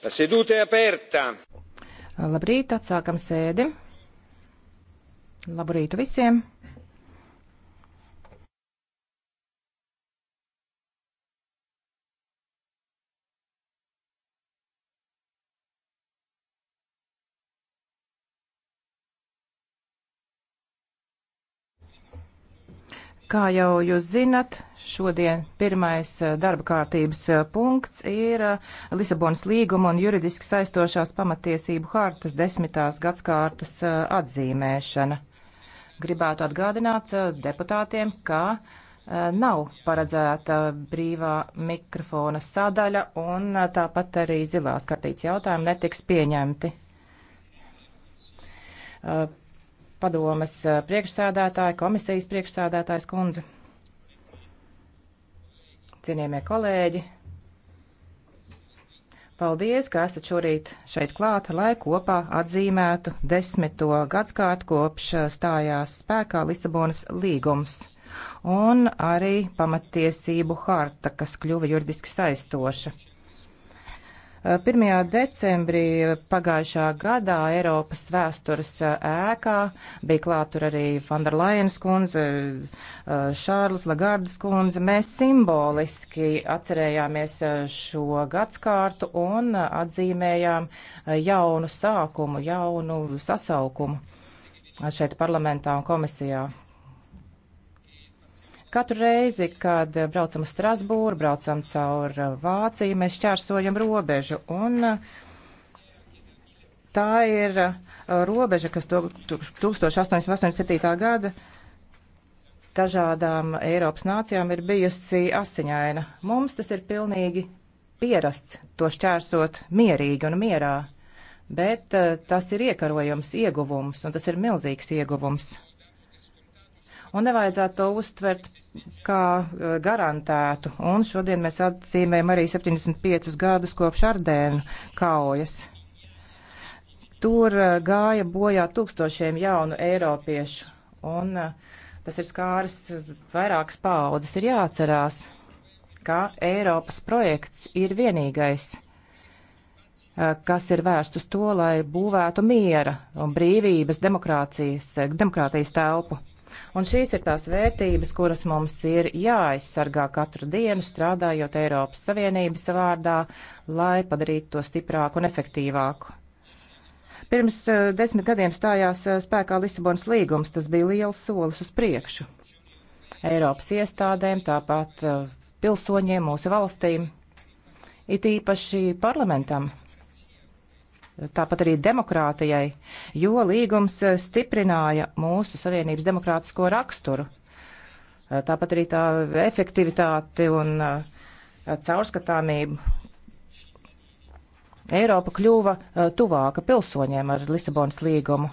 La seduta è aperta. Labrīt, atsākam sēdi. Labrītu visiem! Kā jau jūs zinat, šodien pirmais eh, darba kārtības eh, punkts ir eh, Lisabonas līguma un juridiski saistošās pamatiesību hartas desmitās gadskārtas atzīmēšana. Gribētu atgādināt deputātiem, ka nav paredzēta brīvā mikrofona sadaļa un tāpat arī zilās kartītes jautājumi netiks pieņemti padomes eh, priekšsādātāja, komisijas priekšsādātājas kundze, cienījamie kolēģi. Paldies, ka esat šorīt šeit klāta, lai kopā atzīmētu desmito gadskārtu kopš eh, stājās spēkā Lisabonas līgums un arī pamatiesību harta, kas kļuva juridiski saistoša. 1. decembrī pagājušā gadā Eiropas vēstures uh, ēkā bija klātur arī Fanderlajenas kundze, uh, Šārlis Lagardas kundze. Mēs simboliski atcerējāmies uh, šo gadskārtu un atzīmējām jaunu sākumu, jaunu sasaukumu šeit parlamentā un komisijā. Katru reizi, kad eh, braucam uz Strasbūru, braucam caur eh, Vāciju, mēs šķērsojam robežu. Un eh, tā ir robeža, kas 1887. gada dažādām Eiropas nācijām ir bijusi asiņaina. Mums tas ir pilnīgi pierasts to šķērsot mierīgi un mierā, bet tas ir iekarojums, ieguvums, un tas ir milzīgs ieguvums un nevajadzētu to uztvert kā eh, garantētu. Un šodien mēs atzīmējam arī 75 gadus kopš Ardēnu kaujas. Tur eh, gāja bojā tūkstošiem jaunu eiropiešu, un eh, tas ir skāris vairākas paaudzes. Ir jāatcerās, ka Eiropas projekts ir vienīgais, kas ir vērsts uz to, lai būvētu miera un brīvības demokrātijas, demokrātijas telpu. Un šīs ir tās vērtības, kuras mums ir jāaizsargā katru dienu, strādājot Eiropas Savienības vārdā, lai padarītu to stiprāku un efektīvāku. Pirms eh, desmit gadiem stājās eh, spēkā Lisabonas līgums, tas bija liels solis uz priekšu. Eiropas iestādēm, tāpat eh, pilsoņiem, mūsu valstīm, it īpaši parlamentam tāpat arī demokrātijai, jo līgums stiprināja mūsu savienības demokrātisko raksturu. Tāpat arī tā efektivitāti un caurskatāmību. Eiropa kļuva tuvāka pilsoņiem ar Lisabonas līgumu.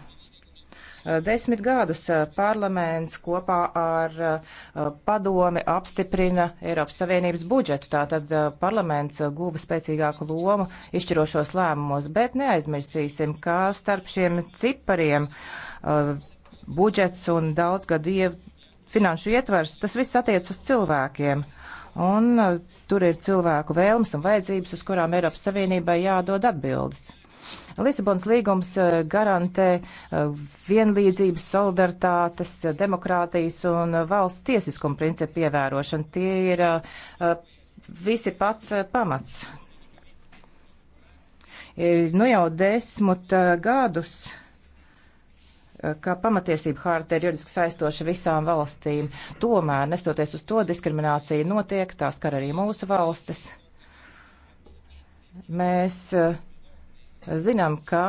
Eh, desmit gadus eh, parlaments kopā ar eh, padomi apstiprina Eiropas Savienības budžetu, tātad parlaments guva spēcīgāku lomu izšķirošos lēmumos, bet neaizmirsīsim, kā starp šiem cipariem budžets un daudzgadu finanšu ietvers, tas viss attiec uz cilvēkiem. Un tur ir cilvēku vēlmes un vajadzības, uz kurām Eiropas Savienībai jādod atbildes. Lisabons līgums eh, garantē eh, vienlīdzības, solidaritātes, eh, demokrātijas un valsts tiesiskuma principu ievērošanu. Tie ir visi pats pamats. Nu jau desmit gadus ka pamatiesība hārta ir juridiski saistoša visām valstīm. Tomēr, nestoties uz to, diskriminācija notiek, tās skar arī mūsu valstis. Mēs uh, Zinām, ka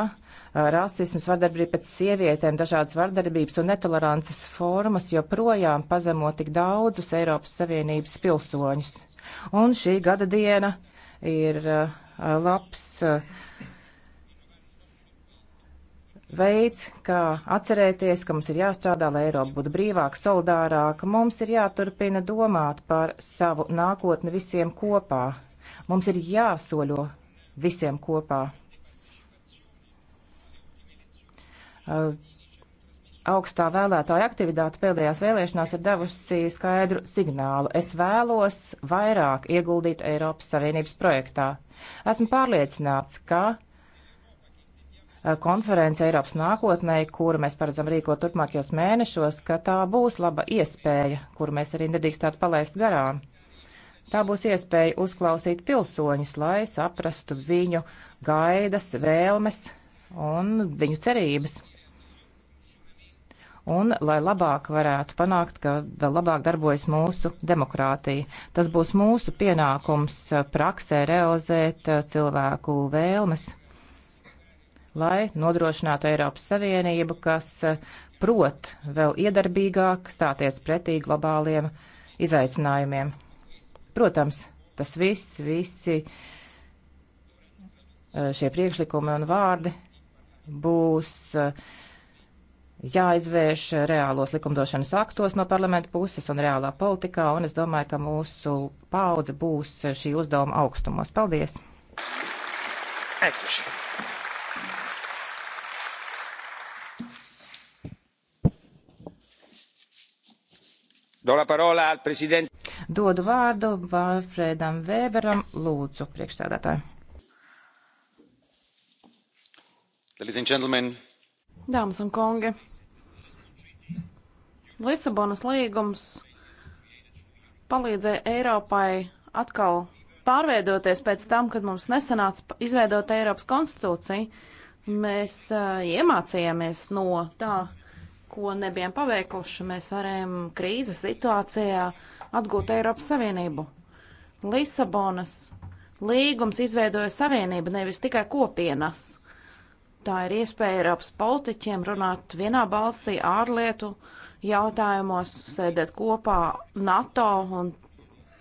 rasisms, vardarbība pret sievietēm, dažādas vardarbības un netolerances formas joprojām pazemo tik daudzus Eiropas Savienības pilsoņus. Un šī gada diena ir labs veids, kā atcerēties, ka mums ir jāstrādā, lai Eiropa būtu brīvāka, solidārāka. Mums ir jāturpina domāt par savu nākotni visiem kopā. Mums ir jāsoļo visiem kopā. Eh, augstā vēlētāja aktivitāte pēdējās vēlēšanās ir devusi skaidru signālu. Es vēlos vairāk ieguldīt Eiropas Savienības projektā. Esmu pārliecināts, ka eh, konference Eiropas nākotnē, kuru mēs paredzam rīkot turpmākajos mēnešos, ka tā būs laba iespēja, kuru mēs arī nedrīkstētu palaist garām. Tā būs iespēja uzklausīt pilsoņus, lai saprastu viņu gaidas, vēlmes un viņu cerības un lai labāk varētu panākt, ka vēl labāk darbojas mūsu demokrātija. Tas būs mūsu pienākums uh, praksē realizēt uh, cilvēku vēlmes, lai nodrošinātu Eiropas Savienību, kas uh, prot vēl iedarbīgāk stāties pretī globāliem izaicinājumiem. Protams, tas viss, visi šie priekšlikumi un vārdi būs uh, jāizvērš reālos likumdošanas aktos no parlamenta puses un reālā politikā, un es domāju, ka mūsu paudze būs šī uzdevuma augstumos. Paldies! Action. Dodu vārdu Vārfrēdam Vēberam, lūdzu, priekšstādātāji. Dāmas un kungi, Lisabonas līgums palīdzēja Eiropai atkal pārveidoties pēc tam, kad mums nesanāca izveidot Eiropas konstitūciju. Mēs uh, iemācījāmies no tā, ko nebijām paveikuši. Mēs varējām krīzes situācijā atgūt Eiropas Savienību. Lisabonas līgums izveidoja savienību, nevis tikai kopienas. Tā ir iespēja Eiropas politiķiem runāt vienā balsī ārlietu, jautājumos, sēdēt kopā NATO un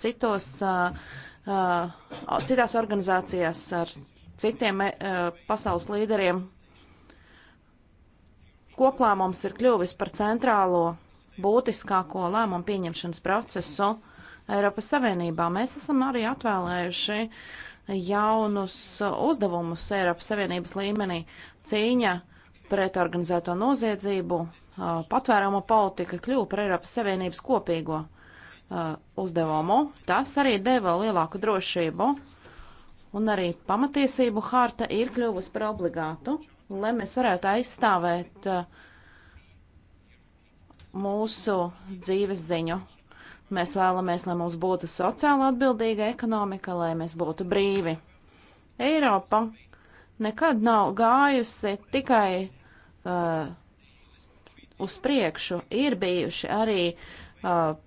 citos, uh, uh, citās organizācijās ar citiem uh, pasaules līderiem. Koplēmums ir kļuvis par centrālo būtiskāko lēmumu pieņemšanas procesu Eiropas Savienībā. Mēs esam arī atvēlējuši jaunus uzdevumus Eiropas Savienības līmenī - cīņa pret organizēto noziedzību, Uh, patvēruma politika kļuva par Eiropas Savienības kopīgo uh, uzdevumu. Tas arī deva lielāku drošību, un arī pamatiesību harta ir kļuvusi par obligātu, lai mēs varētu aizstāvēt uh, mūsu dzīves ziņu. Mēs vēlamies, lai mums būtu sociāli atbildīga ekonomika, lai mēs būtu brīvi. Eiropa nekad nav gājusi tikai uh, uz priekšu. Ir bijuši arī uh,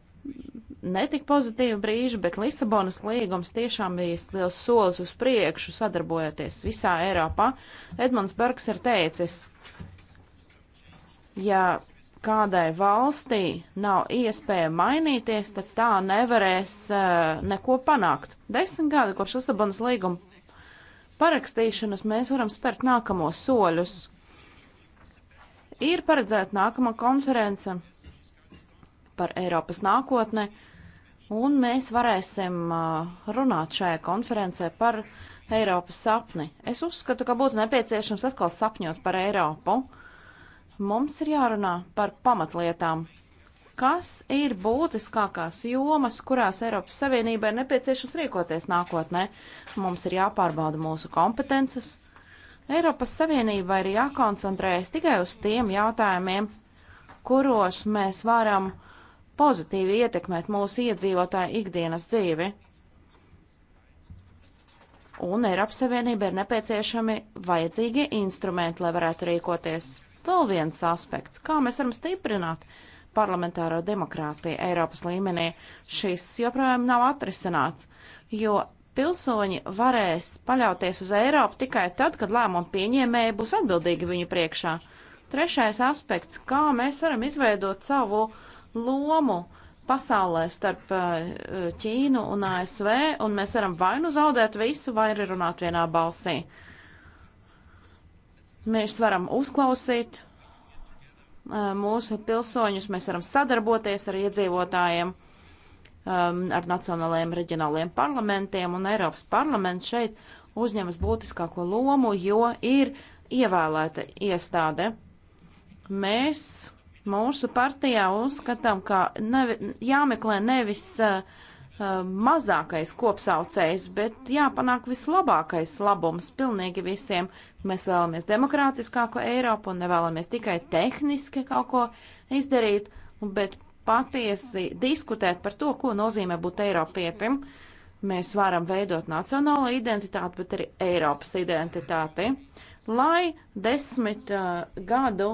netik pozitīvi brīži, bet Lisabonas līgums tiešām bija liels solis uz priekšu, sadarbojoties visā Eiropā. Edmunds Bergs ir teicis, ja kādai valstī nav iespēja mainīties, tad tā nevarēs uh, neko panākt. Desmit gadi kopš Lisabonas līguma parakstīšanas mēs varam spērt nākamos soļus. Ir paredzēta nākamā konference par Eiropas nākotni, un mēs varēsim uh, runāt šajā konferencē par Eiropas sapni. Es uzskatu, ka būtu nepieciešams atkal sapņot par Eiropu. Mums ir jārunā par pamatlietām, kas ir būtiskākās jomas, kurās Eiropas Savienībai nepieciešams rīkoties nākotnē. Mums ir jāpārbauda mūsu kompetences, Eiropas Savienībai ir jākoncentrējas tikai uz tiem jautājumiem, kuros mēs varam pozitīvi ietekmēt mūsu iedzīvotāju ikdienas dzīvi. Un Eiropas Savienībai ir nepieciešami vajadzīgie instrumenti, lai varētu rīkoties. Vēl viens aspekts, kā mēs varam stiprināt parlamentāro demokrātiju Eiropas līmenī, šis joprojām nav atrisināts, jo Pilsoņi varēs paļauties uz Eiropu tikai tad, kad lēmumu pieņēmēji būs atbildīgi viņu priekšā. Trešais aspekts - kā mēs varam izveidot savu lomu pasaulē starp eh, Ķīnu un ASV, un mēs varam vai nu zaudēt visu, vai arī runāt vienā balsī. Mēs varam uzklausīt eh, mūsu pilsoņus, mēs varam sadarboties ar iedzīvotājiem um, ar nacionālajiem reģionālajiem parlamentiem, un Eiropas parlaments šeit uzņemas būtiskāko lomu, jo ir ievēlēta iestāde. Mēs mūsu partijā uzskatām, ka nevi, jāmeklē nevis uh, um, mazākais kopsaucējs, bet jāpanāk vislabākais labums pilnīgi visiem. Mēs vēlamies demokrātiskāku Eiropu un nevēlamies tikai tehniski kaut ko izdarīt, bet patiesi diskutēt par to, ko nozīmē būt Eiropietim. Mēs varam veidot nacionālo identitāti, bet arī Eiropas identitāti. Lai desmit uh, gadu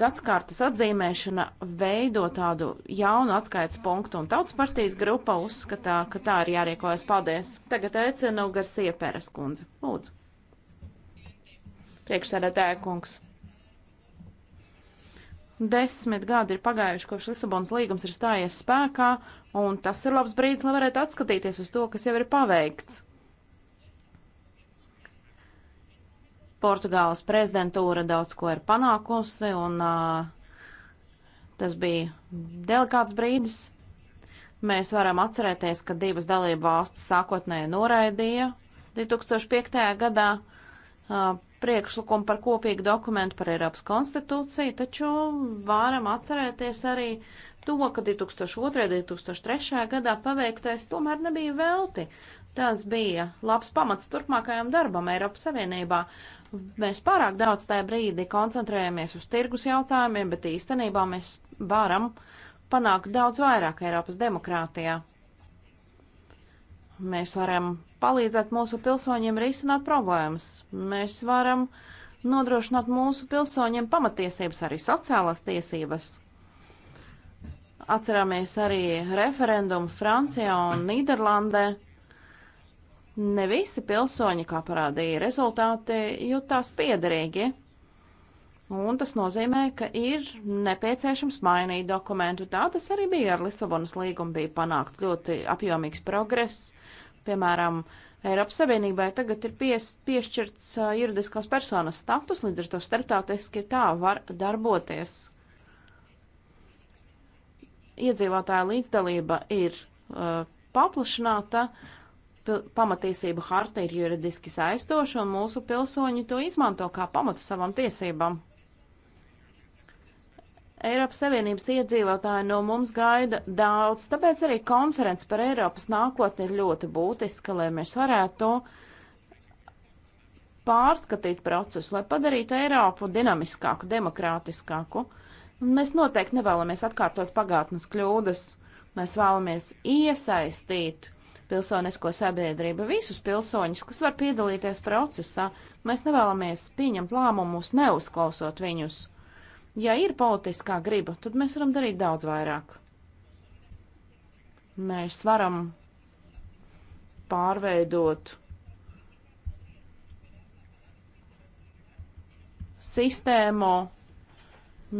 gadskārtas atzīmēšana veido tādu jaunu atskaites punktu, un tautas partijas grupa uzskatā, ka tā ir jārīkojas. Paldies! Tagad aicinu Garsie Pēras kundzi. Lūdzu! Priekšsēdētāja kungs! Desmit gadi ir pagājuši, kopš Lisabonas līgums ir stājies spēkā, un tas ir labs brīdis, lai varētu atskatīties uz to, kas jau ir paveikts. Portugāles prezidentūra daudz ko ir panākusi, un uh, tas bija delikāts brīdis. Mēs varam atcerēties, ka divas dalību valstis sākotnēji noraidīja 2005. gadā uh, priekšlikumu par kopīgu dokumentu par Eiropas konstitūciju, taču varam atcerēties arī to, ka 2002. un 2003. gadā paveiktais tomēr nebija velti. Tas bija labs pamats turpmākajam darbam Eiropas Savienībā. Mēs pārāk daudz tajā brīdī koncentrējamies uz tirgus jautājumiem, bet īstenībā mēs varam panākt daudz vairāk Eiropas demokrātijā. Mēs varam palīdzēt mūsu pilsoņiem risināt problēmas. Mēs varam nodrošināt mūsu pilsoņiem pamatiesības, arī sociālās tiesības. Atcerāmies arī referendumu Francijā un Nīderlandē. Ne visi pilsoņi, kā parādīja rezultāti, jutās piederīgi. Un tas nozīmē, ka ir nepieciešams mainīt dokumentu. Tā tas arī bija ar Lisabonas līgumu, bija panākt ļoti apjomīgs progress. Piemēram, Eiropas Savienībai tagad ir pies, piešķirts uh, juridiskās personas status, līdz ar to starptautiski tā var darboties. Iedzīvotāja līdzdalība ir uh, paplašināta, pamatiesību harta ir juridiski saistoša, un mūsu pilsoņi to izmanto kā pamatu savam tiesībām. Eiropas Savienības iedzīvotāji no mums gaida daudz, tāpēc arī konference par Eiropas nākotni ir ļoti būtiska, lai mēs varētu pārskatīt procesu, lai padarītu Eiropu dinamiskāku, demokrātiskāku. Un mēs noteikti nevēlamies atkārtot pagātnes kļūdas. Mēs vēlamies iesaistīt pilsonisko sabiedrību, visus pilsoņus, kas var piedalīties procesā. Mēs nevēlamies pieņemt lēmumus, neuzklausot viņus. Ja ir politiskā griba, tad mēs varam darīt daudz vairāk. Mēs varam pārveidot sistēmu,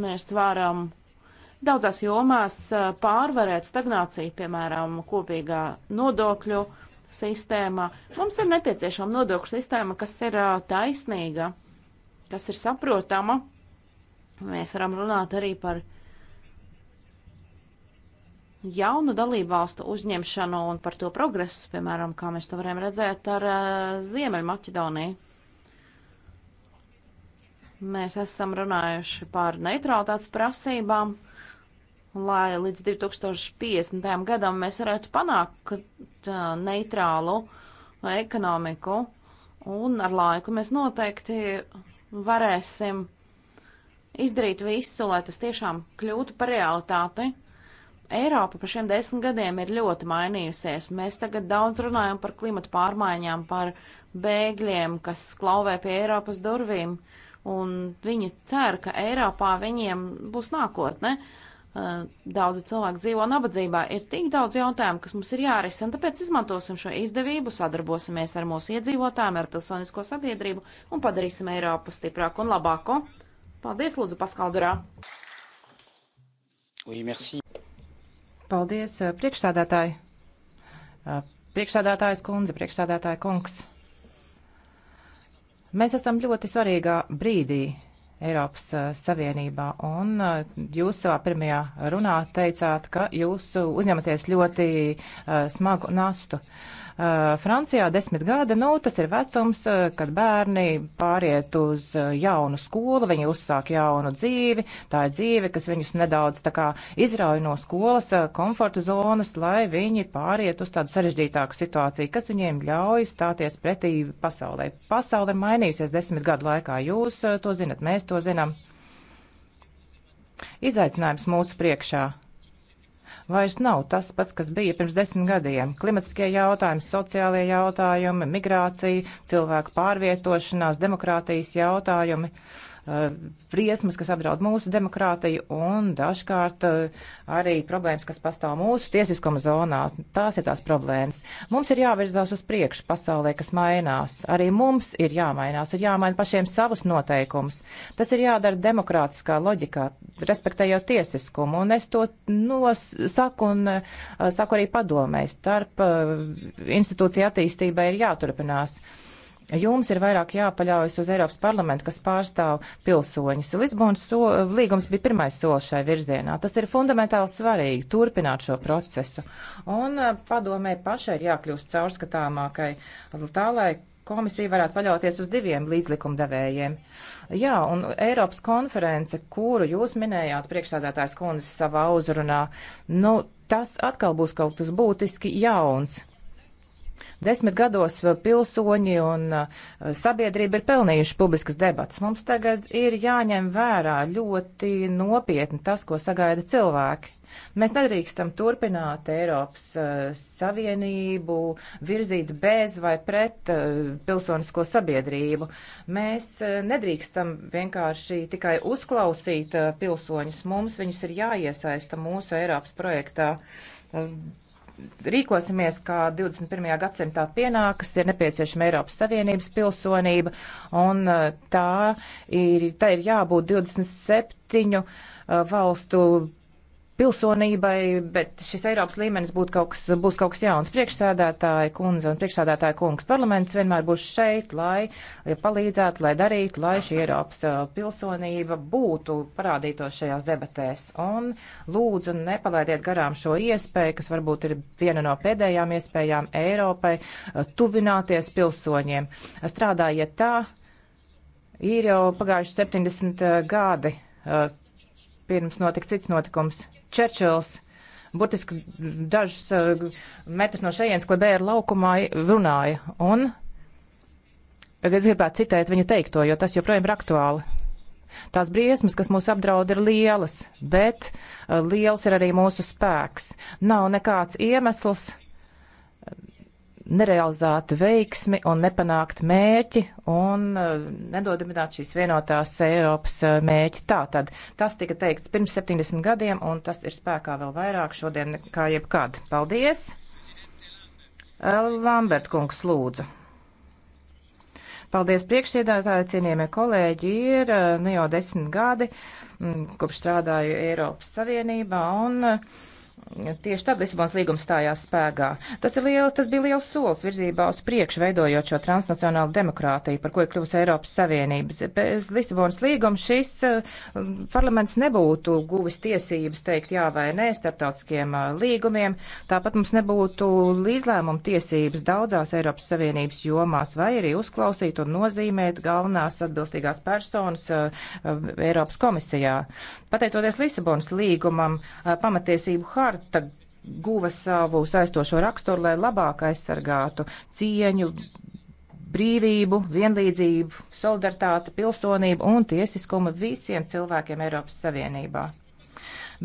mēs varam daudzās jomās eh, pārvarēt stagnāciju, piemēram, kopīgā nodokļu sistēmā. Mums ir nepieciešama nodokļu sistēma, kas ir eh, taisnīga, kas ir saprotama. Mēs varam runāt arī par jaunu dalībvalstu uzņemšanu un par to progresu, piemēram, kā mēs to varam redzēt ar uh, Ziemeļmaķedoniju. Mēs esam runājuši par neutralitātes prasībām, lai līdz 2050. gadam mēs varētu panākt uh, neitrālu ekonomiku, un ar laiku mēs noteikti varēsim izdarīt visu, lai tas tiešām kļūtu par realitāti. Eiropa par šiem desmit gadiem ir ļoti mainījusies. Mēs tagad daudz runājam par klimatu pārmaiņām, par bēgļiem, kas klauvē pie Eiropas durvīm, un viņi cer, ka Eiropā viņiem būs nākotne. Eh, daudzi cilvēki dzīvo nabadzībā. Ir tik daudz jautājumu, kas mums ir jārisina, tāpēc izmantosim šo izdevību, sadarbosimies ar mūsu iedzīvotājiem, ar pilsonisko sabiedrību un padarīsim Eiropu stiprāku un labāku. Paldies, Lūdzu, Paskaldurā. Oui, merci. Paldies, eh, priekšsādātāji. Eh, priekšsādātājs kundze, priekšsādātāja kungs. Mēs esam ļoti svarīgā brīdī Eiropas eh, Savienībā, un jūs savā pirmajā runā teicāt, ka jūs uzņematies ļoti smagu nastu. Uh, Uh, Francijā desmit gadi, nu, tas ir vecums, uh, kad bērni pāriet uz uh, jaunu skolu, viņi uzsāk jaunu dzīvi, tā ir dzīve, kas viņus nedaudz tā kā izrauj no skolas komforta zonas, lai viņi pāriet uz tādu sarežģītāku situāciju, kas viņiem ļauj stāties pretī pasaulē. Pasaule ir mainījusies desmit gadu laikā, jūs to zinat, mēs to zinām. Izaicinājums mūsu priekšā vairs nav tas pats, kas bija pirms desmit gadiem. Klimatiskie jautājumi, sociālie jautājumi, migrācija, cilvēku pārvietošanās, demokrātijas jautājumi. Uh, Eh, briesmas, kas apdraud mūsu demokrātiju un dažkārt eh, arī problēmas, kas pastāv mūsu tiesiskuma zonā. Tās ir tās problēmas. Mums ir jāvirzās uz priekšu pasaulē, kas mainās. Arī mums ir jāmainās, ir jāmaina pašiem savus noteikumus. Tas ir jādara demokrātiskā loģikā, respektējot tiesiskumu. Un es to nos, saku un eh, saku arī padomēs. Starp institūcija attīstībai ir jāturpinās. Jums ir vairāk jāpaļaujas uz Eiropas parlamentu, kas pārstāv pilsoņus. Lisbonas so, līgums bija pirmais solis šai virzienā. Tas ir fundamentāli svarīgi turpināt šo procesu. Un eh, padomē pašai ir jākļūst caurskatāmākai tā, lai komisija varētu paļauties uz diviem līdzlikumdevējiem. Jā, un Eiropas konference, kuru jūs minējāt priekšstādātājs kundzes savā uzrunā, nu, tas atkal būs kaut kas būtiski jauns. Desmit gados pilsoņi un eh, sabiedrība ir pelnījuši publiskas debatas. Mums tagad ir jāņem vērā ļoti nopietni tas, ko sagaida cilvēki. Mēs nedrīkstam turpināt Eiropas uh, Savienību, virzīt bez vai pret uh, pilsonisko sabiedrību. Mēs uh, nedrīkstam vienkārši tikai uzklausīt uh, pilsoņus. Mums viņus ir jāiesaista mūsu Eiropas projektā. Uh, rīkosimies, kā 21. gadsimtā pienākas, ir nepieciešama Eiropas Savienības pilsonība, un uh, tā ir, tā ir jābūt 27 uh, valstu pilsonībai, bet šis Eiropas līmenis būtu kaut kas, būs kaut kas jauns. Priekšsēdētāja kundze un priekšsēdētāja kungs parlaments vienmēr būs šeit, lai palīdzētu, lai darītu, lai šī Eiropas pilsonība būtu parādītos šajās debatēs. Un lūdzu, nepalaidiet garām šo iespēju, kas varbūt ir viena no pēdējām iespējām Eiropai, tuvināties pilsoņiem. Strādājiet tā, ir jau pagājuši 70 gadi pirms notika cits notikums. Čerčils burtiski dažus uh, metrus no šejienes klebēra laukumā runāja. Un es gribētu citēt viņa teikto, jo tas joprojām ir aktuāli. Tās briesmas, kas mūs apdraud, ir lielas, bet uh, liels ir arī mūsu spēks. Nav nekāds iemesls nerealizētu veiksmi un nepanākt mērķi un uh, nedodamināt šīs vienotās Eiropas uh, mērķi. Tā tad tas tika teikts pirms 70 gadiem un tas ir spēkā vēl vairāk šodien kā jebkad. Paldies! Uh, Lambert kungs lūdzu. Paldies priekšsēdētāji, cienījamie kolēģi, ir nu jau desmit gadi, mm, kopš strādāju Eiropas Savienībā un uh, Tieši tad Lisabons līgums stājās spēkā. Tas, ir liels, tas bija liels solis virzībā uz priekšu, veidojot šo transnacionālu demokrātiju, par ko ir kļuvusi Eiropas Savienības. Bez Lisabonas līguma šis eh, parlaments nebūtu guvis tiesības teikt jā vai nē starptautiskiem eh, līgumiem. Tāpat mums nebūtu līdzlēmuma tiesības daudzās Eiropas Savienības jomās, vai arī uzklausīt un nozīmēt galvenās atbilstīgās personas eh, Eiropas komisijā. Pateicoties Lisabonas līgumam, pamatiesību hārtu harta guva savu saistošo raksturu, lai labāk aizsargātu cieņu, brīvību, vienlīdzību, solidaritāti, pilsonību un tiesiskumu visiem cilvēkiem Eiropas Savienībā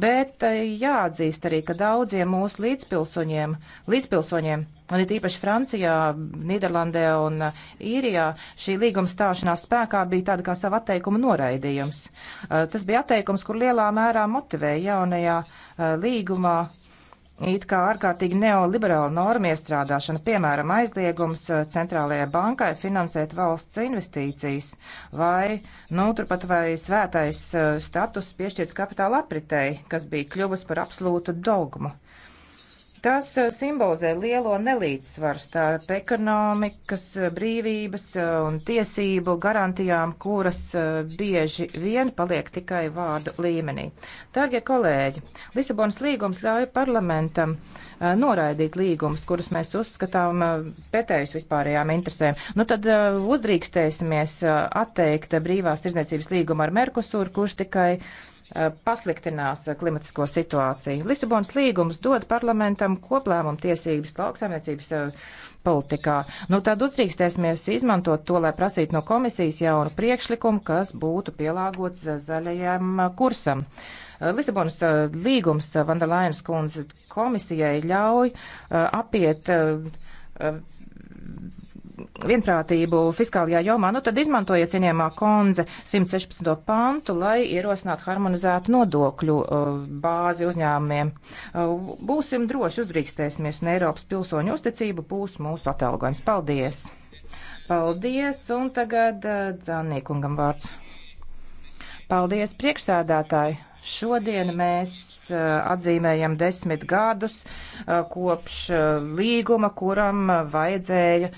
bet eh, jāatzīst arī, ka daudziem mūsu līdzpilsoņiem, līdzpilsoņiem un it īpaši Francijā, Nīderlandē un eh, Īrijā šī līguma stāšanās spēkā bija tāda kā sava atteikuma noraidījums. Eh, tas bija atteikums, kur lielā mērā motivēja jaunajā līgumā It kā ārkārtīgi neoliberāla norma iestrādāšana, piemēram, aizliegums eh, centrālajai bankai finansēt valsts investīcijas, vai, nu, turpat vai svētais eh, status piešķirts kapitāla apritei, kas bija kļuvusi par absolūtu dogmu. Tas uh, simbolizē lielo nelīdzsvaru starp ekonomikas uh, brīvības uh, un tiesību garantijām, kuras bieži vien paliek tikai vārdu līmenī. Dārgie kolēģi, Lisabonas līgums ļauj parlamentam noraidīt līgumus, kurus mēs uzskatām pretējus vispārējām interesēm. Nu tad uzdrīkstēsimies atteikt brīvās tirdzniecības līgumu ar Merkusuru, kurš tikai uh, Eh, pasliktinās klimatisko situāciju. Lisabonas līgums dod parlamentam koplēmumu tiesības lauksaimniecības eh, politikā. Nu, tad uzdrīkstēsimies izmantot to, lai prasītu no komisijas jaunu priekšlikumu, kas būtu pielāgots zaļajam kursam. Eh, Lisabonas līgums Vandalainas kundze komisijai ļauj apiet vienprātību fiskālajā jomā, nu tad izmantojiet cienījumā konze 116. pantu, lai ierosinātu harmonizētu nodokļu uh, bāzi uzņēmumiem. Uh, būsim droši, uzdrīkstēsimies un Eiropas pilsoņu uzticību būs mūsu atalgojums. Paldies! Paldies, un tagad uh, Dzānīkungam vārds. Paldies, priekšsēdētāji! Šodien mēs uh, atzīmējam desmit gadus uh, kopš uh, līguma, kuram vajadzēja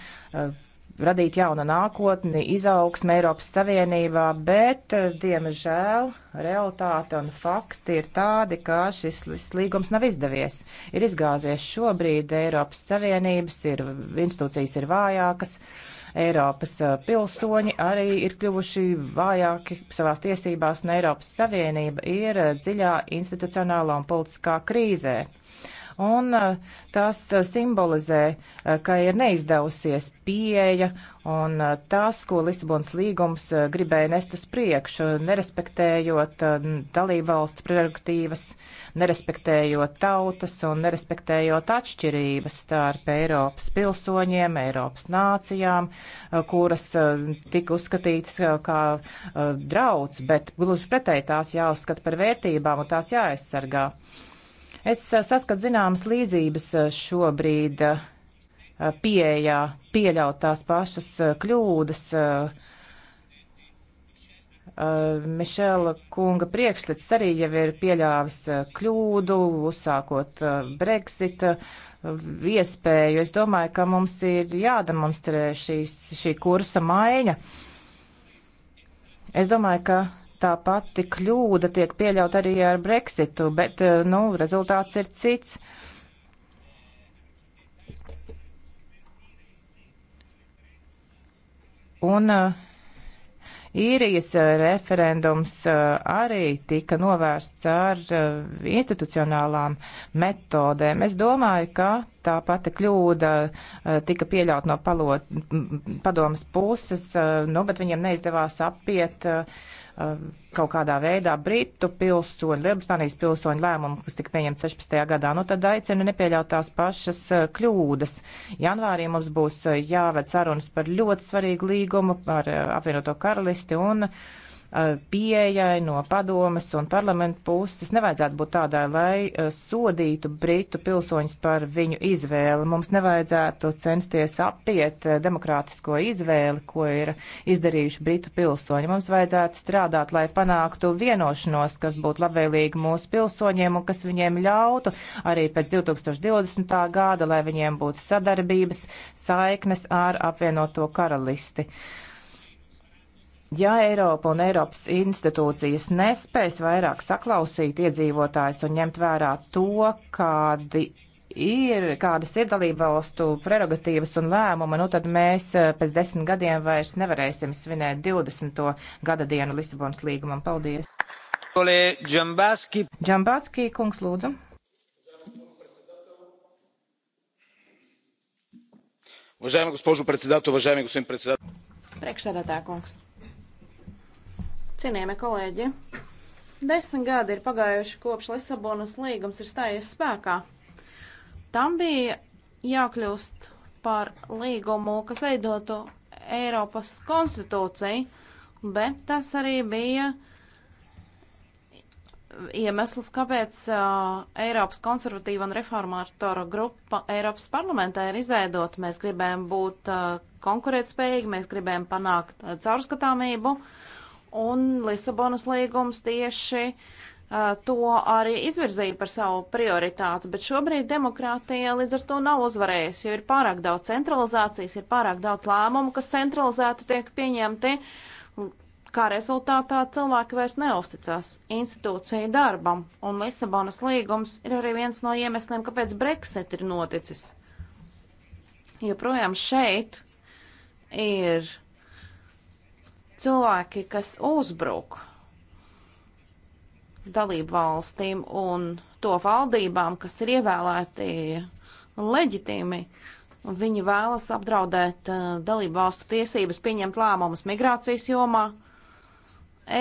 radīt jaunu nākotni, izaugsmu Eiropas Savienībā, bet, diemžēl, realitāte un fakti ir tādi, ka šis, šis līgums nav izdevies. Ir izgāzies šobrīd Eiropas Savienības, ir, institūcijas ir vājākas. Uh, Eiropas eh, pilsoņi arī ir kļuvuši vājāki savās tiesībās, un Eiropas Savienība ir eh, dziļā institucionālā un politiskā krīzē un eh, tās eh, simbolizē, eh, ka ir neizdevusies pieeja un tas, ko Lisabons līgums gribēja nest uz priekšu, nerespektējot dalībvalstu prerogatīvas, nerespektējot tautas un nerespektējot atšķirības starp Eiropas pilsoņiem, Eiropas nācijām, kuras tika uzskatītas kā drauds, bet gluži pretēji tās jāuzskata par vērtībām un tās jāaizsargā. Uh, Es eh, saskatu zināmas līdzības eh, šobrīd eh, pieejā, pieļaut tās pašas kļūdas. Mišela kunga priekšlicis arī jau ir pieļāvis kļūdu, uzsākot Brexit iespēju. Es domāju, ka mums ir jādemonstrē šīs, šī kursa maiņa. Es domāju, ka tā pati kļūda tiek pieļaut arī ar Brexitu, bet, eh, nu, rezultāts ir cits. Un uh, īrijas eh, referendums arī tika novērsts ar institucionālām metodēm. Es domāju, ka tā pati kļūda eh, tika pieļaut no palot, padomas puses, eh, nu, bet viņiem neizdevās apiet eh, kaut kādā veidā Britu pilsoņu, Lielbritānijas pilsoņu lēmumu, kas tika pieņemts 16. gadā, nu tad aicinu nepieļaut tās pašas kļūdas. Janvārī mums būs jāved sarunas par ļoti svarīgu līgumu ar apvienoto karalisti un uh, pieejai no padomas un parlamenta puses nevajadzētu būt tādai, lai sodītu britu pilsoņus par viņu izvēli. Mums nevajadzētu censties apiet demokrātisko izvēli, ko ir izdarījuši britu pilsoņi. Mums vajadzētu strādāt, lai panāktu vienošanos, kas būtu labvēlīgi mūsu pilsoņiem un kas viņiem ļautu arī pēc 2020. gada, lai viņiem būtu sadarbības saiknes ar apvienoto karalisti. Uh, Ja Eiropa un Eiropas institūcijas nespēs vairāk saklausīt iedzīvotājus un ņemt vērā to, kādi ir, kādas ir dalībvalstu prerogatīvas un lēmumi, nu tad mēs eh, pēc desmit gadiem vairs nevarēsim svinēt 20. gada dienu Lisabonas līgumam. Paldies! Džambatski. Džambatski kungs, lūdzu. Уважаема госпожо председател, уважаеми господин председател. Прекшарата, Конкс. Cienījamie kolēģi, desmit gadi ir pagājuši kopš Lisabonas līgums ir stājies spēkā. Tam bija jākļūst par līgumu, kas veidotu Eiropas konstitūciju, bet tas arī bija iemesls, kāpēc uh, Eiropas konservatīva un reformātora grupa Eiropas parlamentā ir izveidota. Mēs gribējām būt uh, konkurētspējīgi, mēs gribējām panākt uh, caurskatāmību. Uh, un Lisabonas līgums tieši uh, to arī izvirzīja par savu prioritāti, bet šobrīd demokrātija līdz ar to nav uzvarējusi, jo ir pārāk daudz centralizācijas, ir pārāk daudz lēmumu, kas centralizēti tiek pieņemti, kā rezultātā cilvēki vairs neusticas institūciju darbam, un Lisabonas līgums ir arī viens no iemesliem, kāpēc Brexit ir noticis. Joprojām šeit ir cilvēki, kas uzbruk dalību valstīm un to valdībām, kas ir ievēlēti leģitīmi, viņi vēlas apdraudēt eh, dalību valstu tiesības pieņemt lēmumus migrācijas jomā.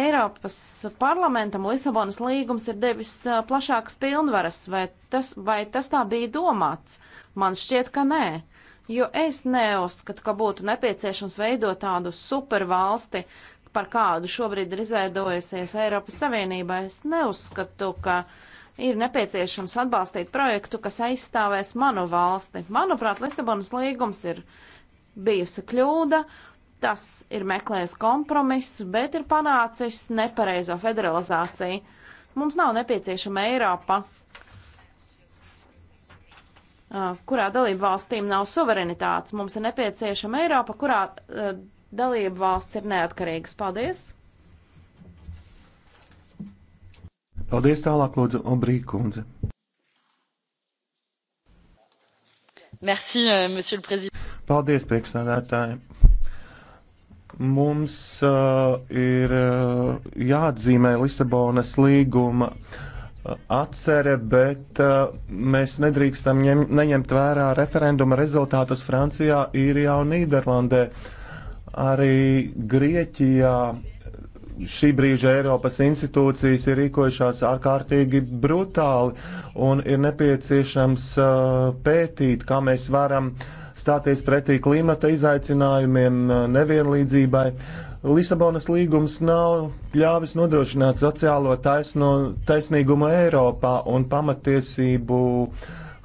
Eiropas parlamentam Lisabonas līgums ir devis eh, plašākas pilnvaras, vai tas, vai tas tā bija domāts? Man šķiet, ka nē jo es neuzskatu, ka būtu nepieciešams veidot tādu supervalsti, par kādu šobrīd ir izveidojusies Eiropas Savienība. Es neuzskatu, ka ir nepieciešams atbalstīt projektu, kas aizstāvēs manu valsti. Manuprāt, Lisabonas līgums ir bijusi kļūda, tas ir meklējis kompromisu, bet ir panācis nepareizo federalizāciju. Mums nav nepieciešama Eiropa, kurā dalību valstīm nav suverenitātes. Mums ir nepieciešama Eiropa, kurā dalību valsts ir neatkarīgas. Paldies! Paldies tālāk, lūdzu, Obrī kundze. Merci, monsieur le président. Paldies, priekšsādātāji. Mums uh, ir uh, jāatzīmē Lisabonas līguma uh, atcere, bet uh, mēs nedrīkstam ņem, neņemt vērā referenduma rezultātus Francijā, Īrijā un Nīderlandē. Arī Grieķijā šī brīža Eiropas institūcijas ir rīkojušās ārkārtīgi brutāli un ir nepieciešams uh, pētīt, kā mēs varam stāties pretī klimata izaicinājumiem, uh, nevienlīdzībai Lisabonas līgums nav ļāvis nodrošināt sociālo taisno, taisnīgumu Eiropā un pamatiesību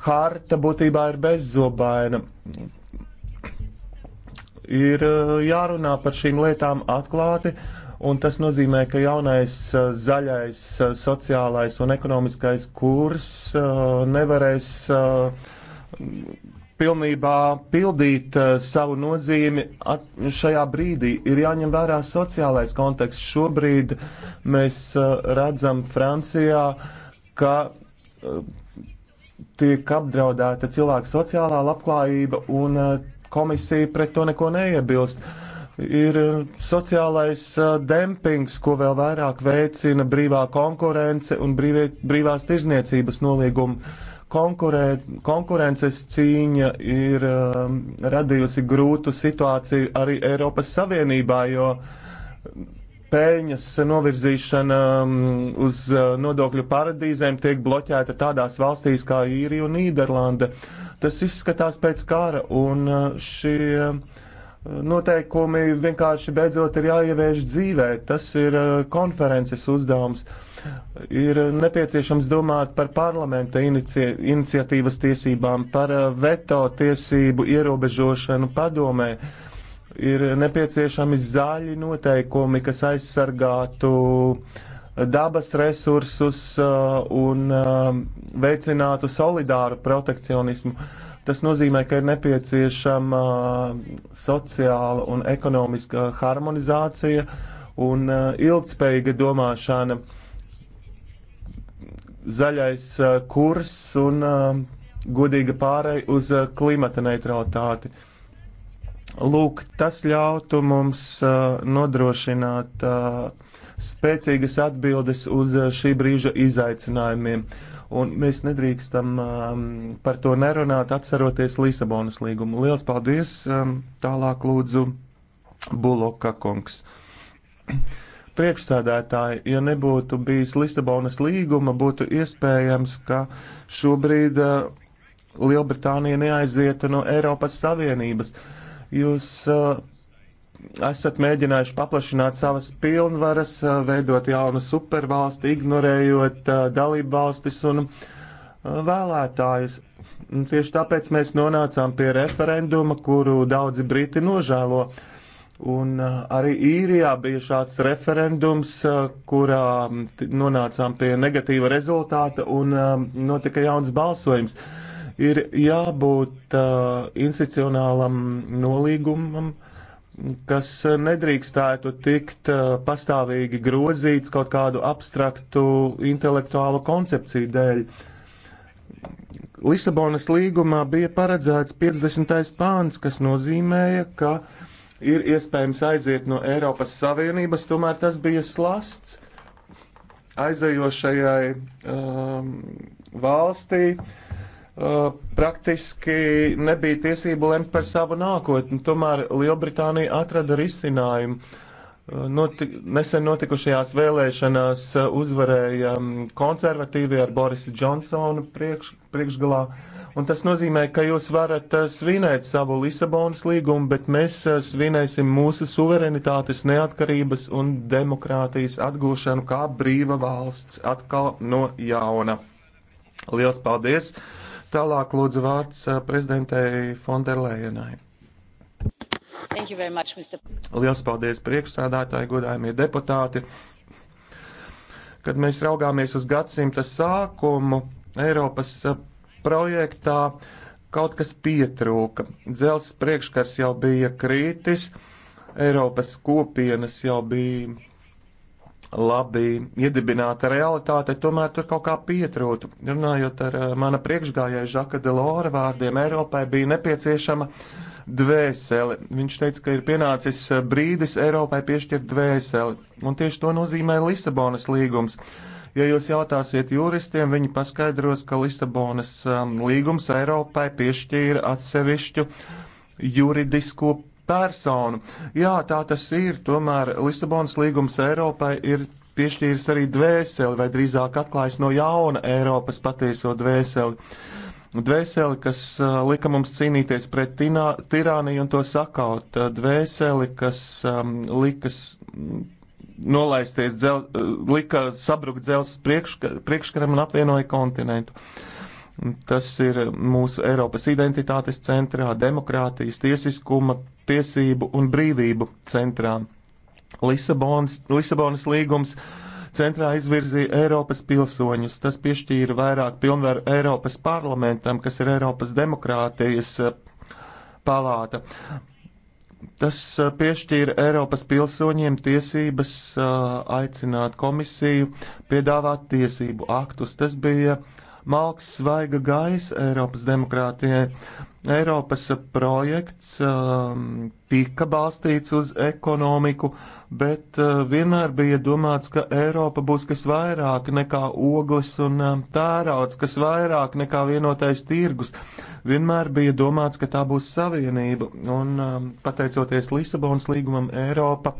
harta būtībā ir bezzobaina. Ir eh, jārunā par šīm lietām atklāti, un tas nozīmē, ka jaunais eh, zaļais eh, sociālais un ekonomiskais kurs nevarēs pilnībā pildīt uh, savu nozīmi at, šajā brīdī. Ir jāņem vērā sociālais konteksts. Šobrīd mēs uh, redzam Francijā, ka uh, tiek apdraudēta cilvēka sociālā labklājība un uh, komisija pret to neko neiebilst. Ir sociālais uh, dempings, ko vēl vairāk veicina brīvā konkurence un brīvie, brīvās tirzniecības nolīguma. Uh, konkurē, konkurences cīņa ir um, radījusi grūtu situāciju arī Eiropas Savienībā, jo pēļņas novirzīšana um, uz uh, nodokļu paradīzēm tiek bloķēta tādās valstīs kā Īrija un Nīderlanda. Tas izskatās pēc kara, un uh, šie uh, noteikumi vienkārši beidzot ir jāievieš dzīvē. Tas ir konferences uzdevums. Uh, Ir nepieciešams domāt par parlamenta inici iniciatīvas tiesībām, par eh, veto tiesību ierobežošanu padomē. Ir nepieciešami zaļi noteikumi, kas aizsargātu uh, dabas resursus uh, un uh, veicinātu solidāru protekcionismu. Tas nozīmē, ka ir nepieciešama sociāla un ekonomiska harmonizācija un uh, ilgspējīga domāšana zaļais uh, kurs un um, godīga pārēja uz uh, klimata neutralitāti. Lūk, tas ļautu mums uh, nodrošināt spēcīgas atbildes uz šī brīža izaicinājumiem. Un mēs nedrīkstam um, par to nerunāt, atceroties Lisabonas līgumu. Lielas paldies! Um, tālāk lūdzu Buloka kungs priekšsēdētāji, ja nebūtu bijis Lisabonas līguma, būtu iespējams, ka šobrīd eh, Lielbritānija neaizieta no Eiropas Savienības. Jūs eh, esat mēģinājuši paplašināt savas pilnvaras, eh, veidot jaunu supervalsti, ignorējot dalību valstis un vēlētājus. Tieši tāpēc mēs nonācām pie referenduma, kuru daudzi briti nožēlo. Un uh, arī īrijā bija šāds referendums, uh, kurā nonācām pie negatīva rezultāta un um, notika jauns balsojums. Ir jābūt uh, institucionālam nolīgumam, kas nedrīkstētu tikt pastāvīgi grozīts kaut kādu abstraktu intelektuālu koncepciju dēļ. Lisabonas līgumā bija paredzēts 50. pāns, kas nozīmēja, ka uh, ir iespējams aiziet no Eiropas Savienības, tomēr tas bija slasts aizejošajai um, valstī. Uh, praktiski nebija tiesību lemt par savu nākotni, tomēr Lielbritānija atrada risinājumu. Uh, noti nesen notikušajās vēlēšanās uh, uzvarēja um, konservatīvi ar Borisa Džonsonu priekš priekšgalā. Uh, Un tas nozīmē, ka jūs varat eh, svinēt savu Lisabonas līgumu, bet mēs eh, svinēsim mūsu suverenitātes, neatkarības un demokrātijas atgūšanu kā brīva valsts atkal no jauna. Liels paldies! Tālāk lūdzu vārds eh, prezidentei Fonderlejenai. Much, Mr. Liels paldies priekšsādātāji, godājumie deputāti. Kad mēs raugāmies uz gadsimta sākumu, Eiropas projektā kaut kas pietrūka. Dzels priekškars jau bija krītis, Eiropas kopienas jau bija labi iedibināta realitāte, tomēr tur kaut kā pietrūka. Runājot ar eh, mana priekšgājēju Žaka Delora vārdiem, Eiropai bija nepieciešama dvēseli. Viņš teica, ka ir pienācis eh, brīdis Eiropai piešķirt dvēseli, un tieši to nozīmē Lisabonas līgums. Ja jūs jautāsiet juristiem, viņi paskaidros, ka Lisabonas um, līgums Eiropai piešķīra atsevišķu juridisko personu. Jā, tā tas ir, tomēr Lisabonas līgums Eiropai ir piešķīris arī dvēseli, vai drīzāk atklājis no jauna Eiropas patieso dvēseli. Dvēseli, kas uh, lika mums cīnīties pret tirāniju un to sakaut. Dvēseli, kas um, likas nolaisties, dzel, lika sabrukt dzelzs priekš, priekškaram un apvienoja kontinentu. Tas ir mūsu Eiropas identitātes centrā, demokrātijas, tiesiskuma, tiesību un brīvību centrā. Lisabonas, Lisabonas līgums centrā izvirzīja Eiropas pilsoņus. Tas piešķīra vairāk pilnvaru Eiropas parlamentam, kas ir Eiropas demokrātijas palāta. Tas uh, piešķīra Eiropas pilsoņiem tiesības uh, aicināt komisiju piedāvāt tiesību aktus. Tas bija uh, malks svaiga gaisa Eiropas demokrātijai. Eiropas projekts um, tika balstīts uz ekonomiku, bet uh, vienmēr bija domāts, ka Eiropa būs kas vairāk nekā ogles un um, tērauds, kas vairāk nekā vienotais tirgus. Vienmēr bija domāts, ka tā būs savienība, un um, pateicoties Lisabonas līgumam, Eiropa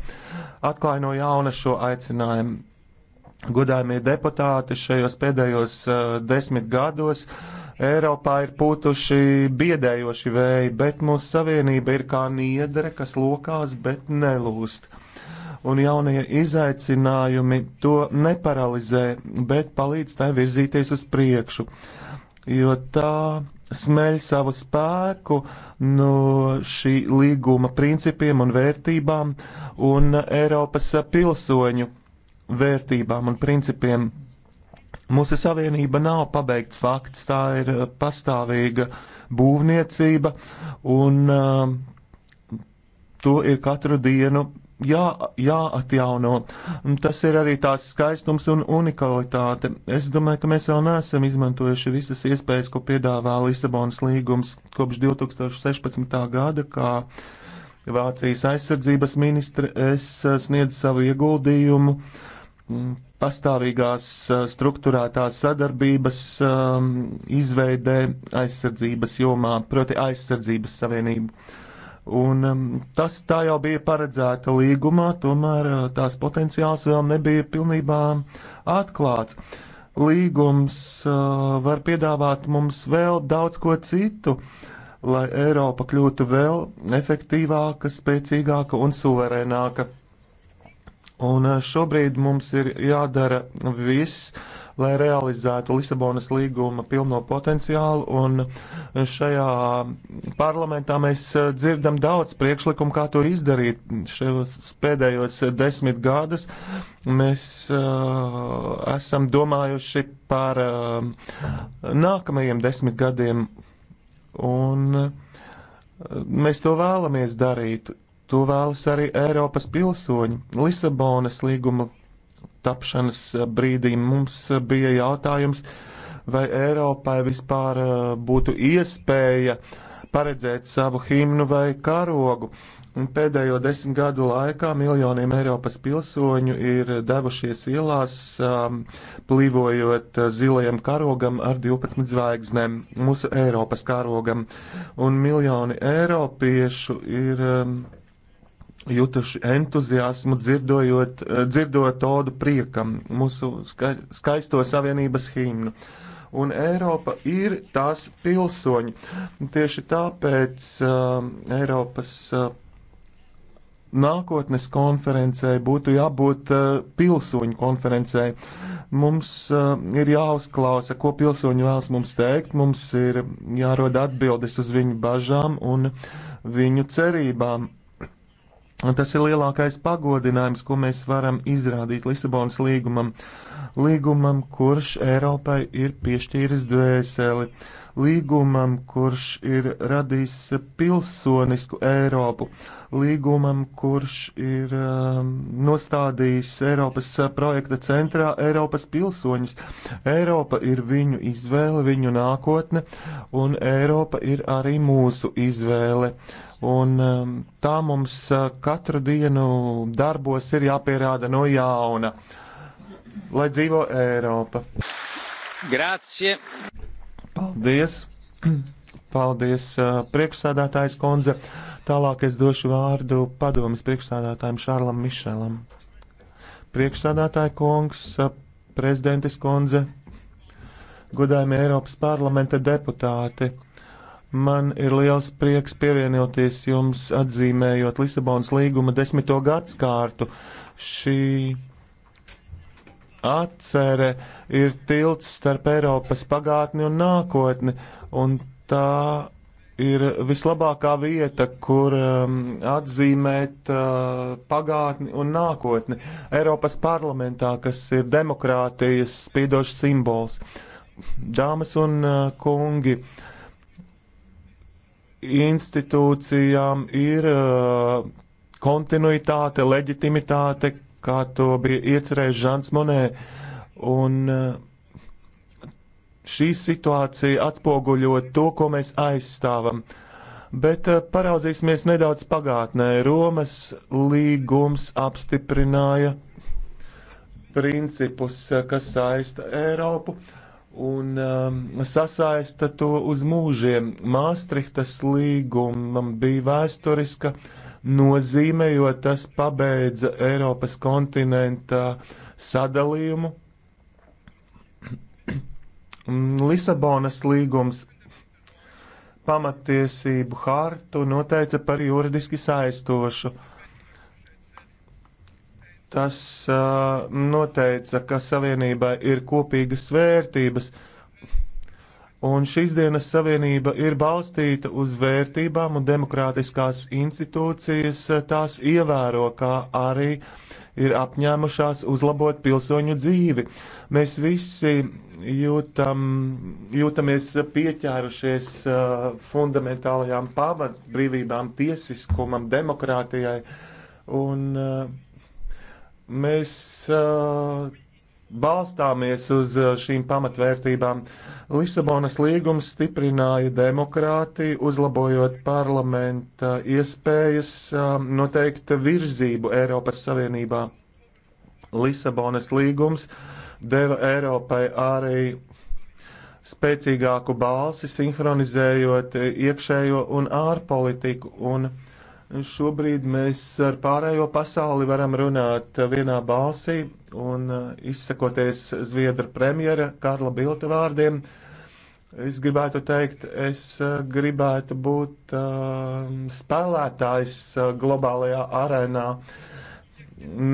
atklāja no jauna šo aicinājumu Godājumie deputāti šajos pēdējos uh, desmit gados Eiropā ir putuši biedējoši vēji, bet mūsu savienība ir kā niedre, kas lokās, bet nelūst. Un jaunie izaicinājumi to neparalizē, bet palīdz tai virzīties uz priekšu, jo tā smeļ savu spēku no šī līguma principiem un vērtībām un Eiropas pilsoņu vērtībām un principiem. Mūsu savienība nav pabeigts fakts, tā ir eh, pastāvīga būvniecība, un uh, to ir katru dienu jā, jāatjauno. Un tas ir arī tās skaistums un unikalitāte. Es domāju, ka mēs vēl neesam izmantojuši visas iespējas, ko piedāvā Lisabonas līgums kopš 2016. gada, kā Vācijas aizsardzības ministre es eh, sniedzu savu ieguldījumu uh, Mm, pastāvīgās struktūrētās sadarbības um, izveidē aizsardzības jomā, proti aizsardzības savienību. Un um, tas tā jau bija paredzēta līgumā, tomēr tās potenciāls vēl nebija pilnībā atklāts. Līgums uh, var piedāvāt mums vēl daudz ko citu, lai Eiropa kļūtu vēl efektīvāka, spēcīgāka un suverēnāka Un eh, šobrīd mums ir jādara viss, lai realizētu Lisabonas līguma pilno potenciālu, un eh, šajā parlamentā mēs eh, dzirdam daudz priekšlikumu, kā to izdarīt. Šajos pēdējos desmit gadus mēs uh, esam domājuši par uh, nākamajiem desmit gadiem, un uh, mēs to vēlamies darīt. To vēlas arī Eiropas pilsoņi. Lisabonas līguma tapšanas eh, brīdī mums eh, bija jautājums, vai Eiropai vispār eh, būtu iespēja paredzēt savu himnu vai karogu. Un pēdējo desmit gadu laikā miljoniem Eiropas pilsoņu ir devušies ielās, um, plīvojot zilajam karogam ar 12 zvaigznēm, mūsu Eiropas karogam. Un miljoni eiropiešu ir. Um, jutuši entuziasmu, dzirdojot, eh, dzirdot odu priekam, mūsu ska, skaisto savienības himnu. Un Eiropa ir tās pilsoņi. Tieši tāpēc uh, Eiropas uh, nākotnes konferencei būtu jābūt uh, pilsoņu konferencei. Mums uh, ir jāuzklausa, ko pilsoņi vēlas mums teikt, mums ir jārod atbildes uz viņu bažām un viņu cerībām Tas ir lielākais pagodinājums, ko mēs varam izrādīt Lisabonas līgumam. Līgumam, kurš Eiropai ir piešķīris dvēseli. Līgumam, kurš ir radījis pilsonisku Eiropu. Līgumam, kurš ir um, nostādījis Eiropas projekta centrā Eiropas pilsoņus. Eiropa ir viņu izvēle, viņu nākotne, un Eiropa ir arī mūsu izvēle. Uh, Un um, tā mums uh, katru dienu darbos ir jāpierāda no jauna, lai dzīvo Eiropa. Grācie! Paldies! Paldies, uh, priekšsādātājs Konze. Tālāk es došu vārdu padomas priekšsādātājiem Šārlam Mišelam. Priekšsādātāja kungs, uh, prezidentis Konze, godājumi Eiropas parlamenta deputāti. Man ir liels prieks pievienoties jums atzīmējot Lisabonas līguma desmito gadskārtu. Šī atcere ir tilts starp Eiropas pagātni un nākotni, un tā ir vislabākā vieta, kur um, atzīmēt uh, pagātni un nākotni. Eiropas parlamentā, kas ir demokrātijas spīdošs simbols. Dāmas un uh, kungi, uh, institūcijām ir uh, kontinuitāte, leģitimitāte, kā to bija iecerējis Žants Monē. Un uh, šī situācija atspoguļo to, ko mēs aizstāvam. Bet uh, paraudzīsimies nedaudz pagātnē. Romas līgums apstiprināja principus, uh, kas saista Eiropu. Uh, un um, sasaista to uz mūžiem. Māstrihtas līgumam bija vēsturiska nozīme, jo tas pabeidza Eiropas kontinenta sadalījumu. Lisabonas līgums pamatiesību hartu noteica par juridiski saistošu. Tas uh, noteica, ka savienībai ir kopīgas vērtības, un šīs dienas savienība ir balstīta uz vērtībām, un demokrātiskās institūcijas tās ievēro, kā arī ir apņēmušās uzlabot pilsoņu dzīvi. Mēs visi jūtam, jūtamies pieķērušies uh, fundamentālajām pavadbrīvībām, tiesiskumam, demokrātijai. Un, uh, Mēs uh, balstāmies uz uh, šīm pamatvērtībām. Lisabonas līgums stiprināja demokrātiju, uzlabojot parlamenta iespējas um, noteikt virzību Eiropas Savienībā. Lisabonas līgums deva Eiropai arī spēcīgāku balsi, sinhronizējot iekšējo un ārpolitiku un ārpolitiku Šobrīd mēs ar pārējo pasauli varam runāt vienā balsī un uh, izsakoties Zviedra premjera Karla Bilta vārdiem. Es gribētu teikt, es uh, gribētu būt um, uh, spēlētājs globālajā arēnā,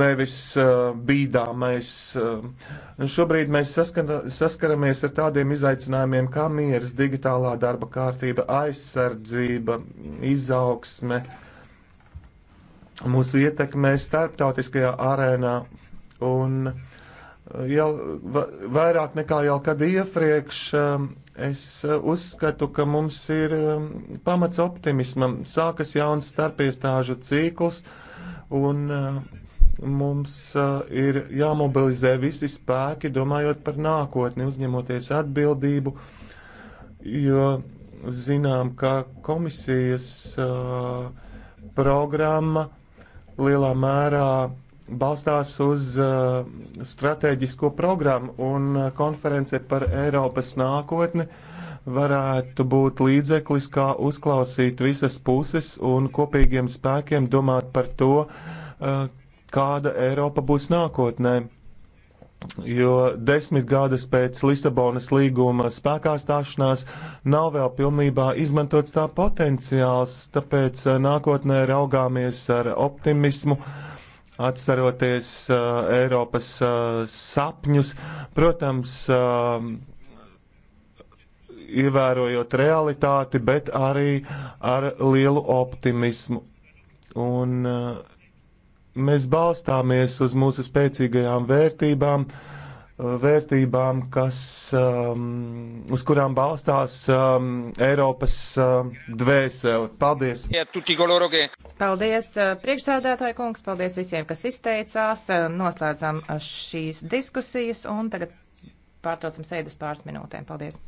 nevis uh, bīdāmais. Uh, šobrīd mēs saskana, saskaramies ar tādiem izaicinājumiem kā miers, digitālā darba kārtība, aizsardzība, izaugsme. Uh, mūsu ietekmē starptautiskajā arēnā un eh, jau vairāk nekā jau kad iepriekš eh, es eh, uzskatu, ka mums ir pamats optimismam. Sākas jauns starpiestāžu cikls un mums ir jāmobilizē visi spēki, domājot par nākotni, uzņemoties atbildību, jo zinām, ka komisijas programma lielā mērā balstās uz uh, stratēģisko programmu un uh, konference par Eiropas nākotni varētu būt līdzeklis, kā uzklausīt visas puses un kopīgiem spēkiem domāt par to, uh, kāda Eiropa būs nākotnē jo desmit gadus pēc Lisabonas līguma spēkā stāšanās nav vēl pilnībā izmantots tā potenciāls, tāpēc eh, nākotnē raugāmies ar optimismu. Atceroties uh, Eiropas uh, sapņus, protams, uh, ievērojot realitāti, bet arī ar lielu optimismu. Un uh, Mēs balstāmies uz mūsu spēcīgajām vērtībām, vērtībām, kas, um, uz kurām balstās um, Eiropas um, dvēseli. Paldies! Paldies, uh, priekšsēdētāji kungs, paldies visiem, kas izteicās. Uh, noslēdzam uh, šīs diskusijas un tagad pārtraucam sēdus pāris minūtēm. Paldies!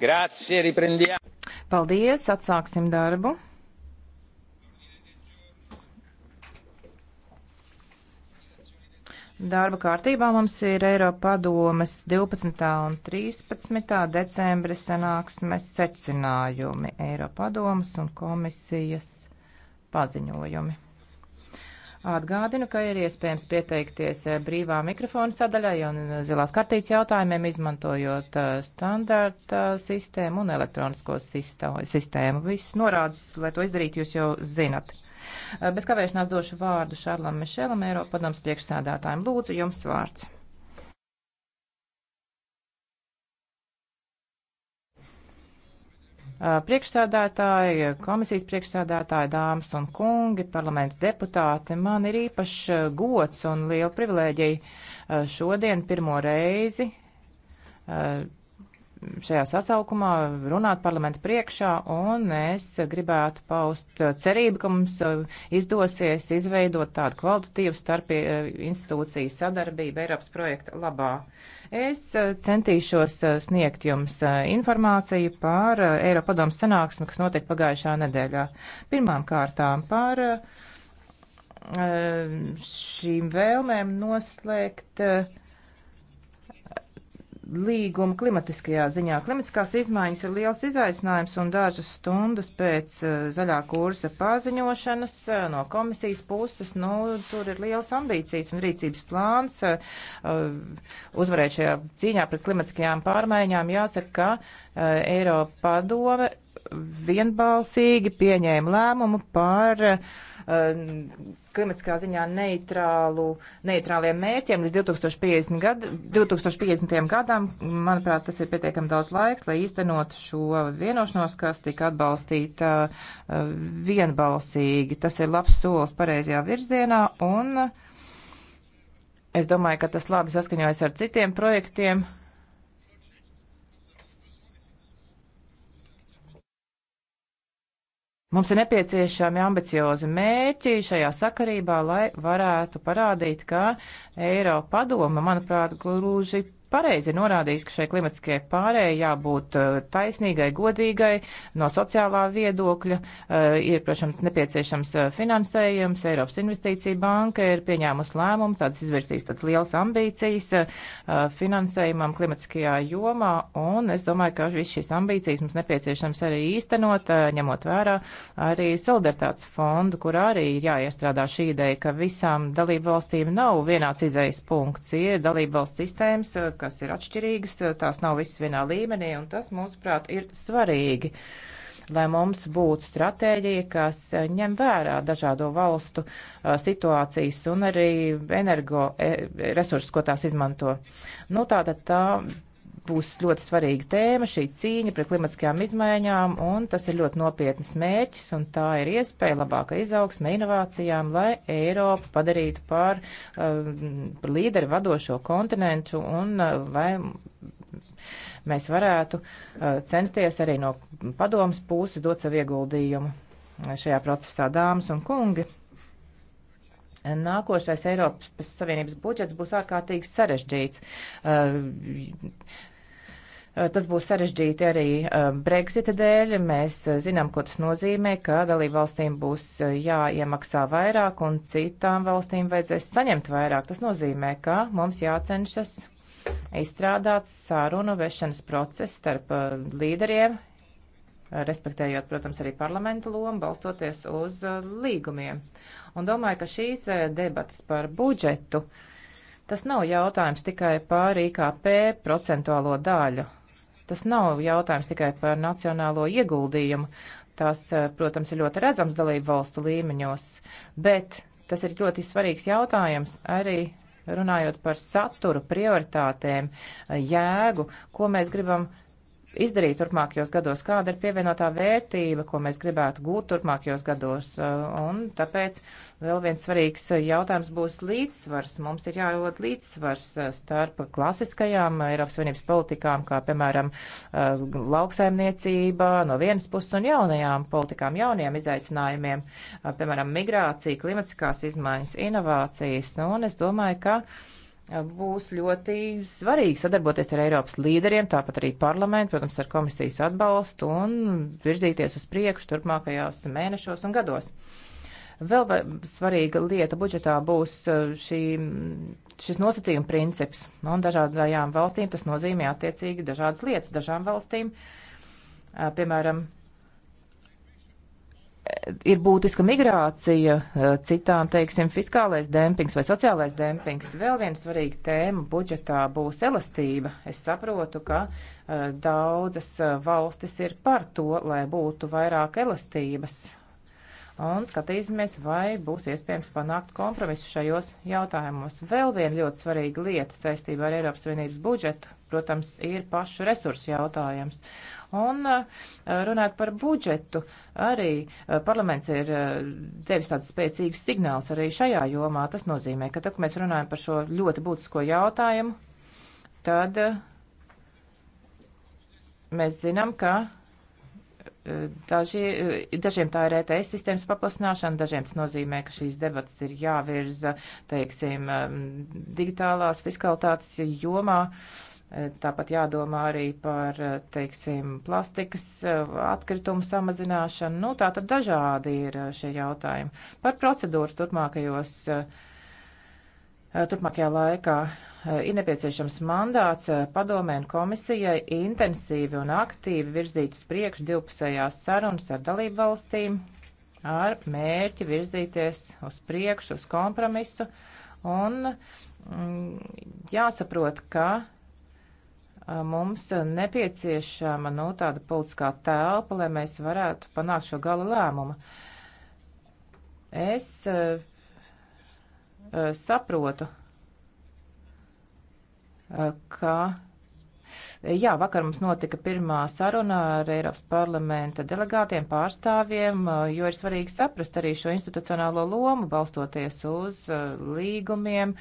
Grazie, riprendiam. Paldies, atsāksim darbu. Darba kārtībā mums ir Eiropa padomes 12. un 13. decembra sanāksmes secinājumi, Eiropa padomes un komisijas paziņojumi. Atgādinu, ka ir iespējams pieteikties eh, brīvā mikrofona sadaļai un eh, zilās kartītes jautājumiem, izmantojot eh, standarta sistēmu un elektronisko sistēmu. Viss norādes, lai to izdarītu, jūs jau zinat. Bez kavēšanās došu vārdu Šarlam Mišelam, Eiropa padoms priekšstādātājiem. Lūdzu, jums vārds. Uh, priekšsādātāji, komisijas priekšsādātāji, dāmas un kungi, parlamenta deputāti, man ir īpašs uh, gods un liela privilēģija uh, šodien pirmo reizi šajā sasaukumā runāt parlamenta priekšā, un es gribētu paust cerību, ka mums uh, izdosies izveidot tādu kvalitatīvu starp uh, institūciju sadarbību Eiropas projekta labā. Es uh, centīšos sniegt jums informāciju par Eiropadomu sanāksmi, kas notika pagājušā nedēļā. Pirmām kārtām par šīm vēlmēm noslēgt līgumu klimatiskajā ziņā. Klimatiskās izmaiņas ir liels izaicinājums un dažas stundas pēc eh, zaļā kursa paziņošanas eh, no komisijas puses, nu, tur ir liels ambīcijas un rīcības plāns eh, uzvarēt šajā cīņā pret klimatiskajām pārmaiņām. Jāsaka, ka Eh, Eiropa padome vienbalsīgi pieņēma lēmumu par uh, klimatiskā ziņā neitrālu, neitrāliem mērķiem līdz 2050, gad, 2050. gadam. Manuprāt, tas ir pietiekami daudz laiks, lai īstenot šo vienošanos, kas tika atbalstīta uh, vienbalsīgi. Tas ir labs solis pareizajā virzienā un es domāju, ka tas labi saskaņojas ar citiem projektiem, uh, Mums ir nepieciešami ambiciozi mērķi šajā sakarībā, lai varētu parādīt, ka Eiropa padoma, manuprāt, gluži pareizi norādījis, ka šai klimatiskajai pārējai jābūt uh, taisnīgai, godīgai no sociālā viedokļa. Uh, ir, protams, nepieciešams uh, finansējums. Eiropas investīcija banka ir pieņēmusi lēmumu, tādas izvirsīs tādas lielas ambīcijas finansējumam klimatiskajā jomā. Un es domāju, ka viss šīs ambīcijas mums nepieciešams arī īstenot, ņemot vērā arī solidaritātes fondu, kur arī ir jāiestrādā šī ideja, ka visām dalību valstīm nav vienāds izējas punkts. Ir dalību valsts sistēmas, kas ir atšķirīgas, tās nav visas vienā līmenī, un tas, mūsuprāt, ir svarīgi, lai mums būtu stratēģija, kas ņem vērā dažādo valstu situācijas un arī energo e, resursus, ko tās izmanto. Nu, tātad tā būs ļoti svarīga tēma, šī cīņa pret klimatiskajām izmaiņām, un tas ir ļoti nopietnas mērķis, un tā ir iespēja labāka izaugsme inovācijām, lai Eiropu padarītu par uh, līderi vadošo kontinentu, un uh, lai mēs varētu uh, censties arī no padomas puses dot savu ieguldījumu uh, šajā procesā, dāmas un kungi. Nākošais Eiropas Savienības budžets būs ārkārtīgi sarežģīts. Uh, Eh, tas būs sarežģīti arī eh, Brexita dēļ. Mēs eh, zinām, ko tas nozīmē, ka dalību valstīm būs jāiemaksā vairāk un citām valstīm vajadzēs saņemt vairāk. Tas nozīmē, ka mums jācenšas izstrādāt sārunu vešanas procesu starp līderiem, respektējot, protams, arī parlamentu lomu, balstoties uz līgumiem. Un domāju, ka šīs debatas par budžetu. Tas nav jautājums tikai par IKP procentuālo daļu Tas nav jautājums tikai par nacionālo ieguldījumu. Tas, eh, protams, ir ļoti redzams dalību valstu līmeņos, bet tas ir ļoti svarīgs jautājums arī runājot par saturu, prioritātēm, eh, jēgu, ko mēs gribam izdarīt turpmākajos gados, kāda ir pievienotā vērtība, ko mēs gribētu gūt turpmākajos gados. Un tāpēc vēl viens svarīgs jautājums būs līdzsvars. Mums ir jārod līdzsvars starp klasiskajām Eiropas Savienības politikām, kā piemēram lauksaimniecība no vienas puses un jaunajām politikām, jauniem izaicinājumiem, piemēram, migrācija, klimatiskās izmaiņas, inovācijas. Un es domāju, ka būs ļoti svarīgi sadarboties ar Eiropas līderiem, tāpat arī parlamentu, protams, ar komisijas atbalstu un virzīties uz priekšu turpmākajās mēnešos un gados. Vēl svarīga lieta budžetā būs uh, šī, šis nosacījuma princips, nu, un dažādajām valstīm tas nozīmē attiecīgi dažādas lietas. Dažām valstīm, uh, piemēram, ir būtiska migrācija, eh, citām, teiksim, fiskālais dempings vai sociālais dempings. Vēl viena svarīga tēma budžetā būs elastība. Es saprotu, ka eh, daudzas eh, valstis ir par to, lai būtu vairāk elastības. Un skatīsimies, vai būs iespējams panākt kompromisu šajos jautājumos. Vēl viena ļoti svarīga lieta saistībā ar Eiropas Savienības budžetu, protams, ir pašu resursu jautājums. Un uh, runāt par budžetu, arī uh, parlaments ir uh, devis tāds spēcīgs signāls arī šajā jomā. Tas nozīmē, ka tad, kad mēs runājam par šo ļoti būtisko jautājumu, tad mēs zinām, ka Daži, dažiem tā ir ETS sistēmas paplasināšana, dažiem tas nozīmē, ka šīs debatas ir jāvirza, teiksim, um, digitālās fiskalitātes jomā. Uh, Tāpat jādomā arī par, teiksim, plastikas eh, atkritumu samazināšanu. Nu, tā tad dažādi ir eh, šie jautājumi. Par procedūru turpmākajos, eh, turpmākajā laikā ir nepieciešams mandāts padomēn komisijai intensīvi un aktīvi virzīt uz priekšu divpusējās sarunas ar dalību valstīm ar mērķi virzīties uz priekšu, uz kompromisu. Un mm, jāsaprot, ka mums nepieciešama nu, tāda politiskā telpa, lai mēs varētu panākt šo gala lēmumu. Es uh, saprotu, uh, ka Jā, vakar mums notika pirmā saruna ar Eiropas parlamenta delegātiem, pārstāvjiem, jo ir svarīgi saprast arī šo institucionālo lomu, balstoties uz līgumiem,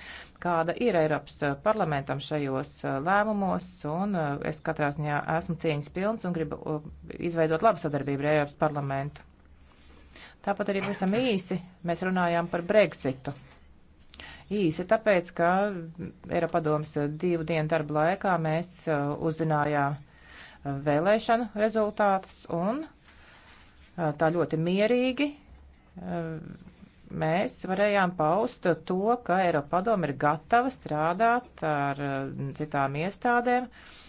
kāda ir Eiropas parlamentam šajos lēmumos, un es katrā ziņā esmu cieņas pilns un gribu izveidot labu sadarbību ar Eiropas parlamentu. Tāpat arī visam īsi mēs runājām par Brexitu īsi, tāpēc, ka Eiropadomas divu dienu darba laikā mēs uh, uzzinājām uh, vēlēšanu rezultātus un uh, tā ļoti mierīgi mēs varējām paust to, ka Eiropadoma ir gatava strādāt ar citām iestādēm. Uh,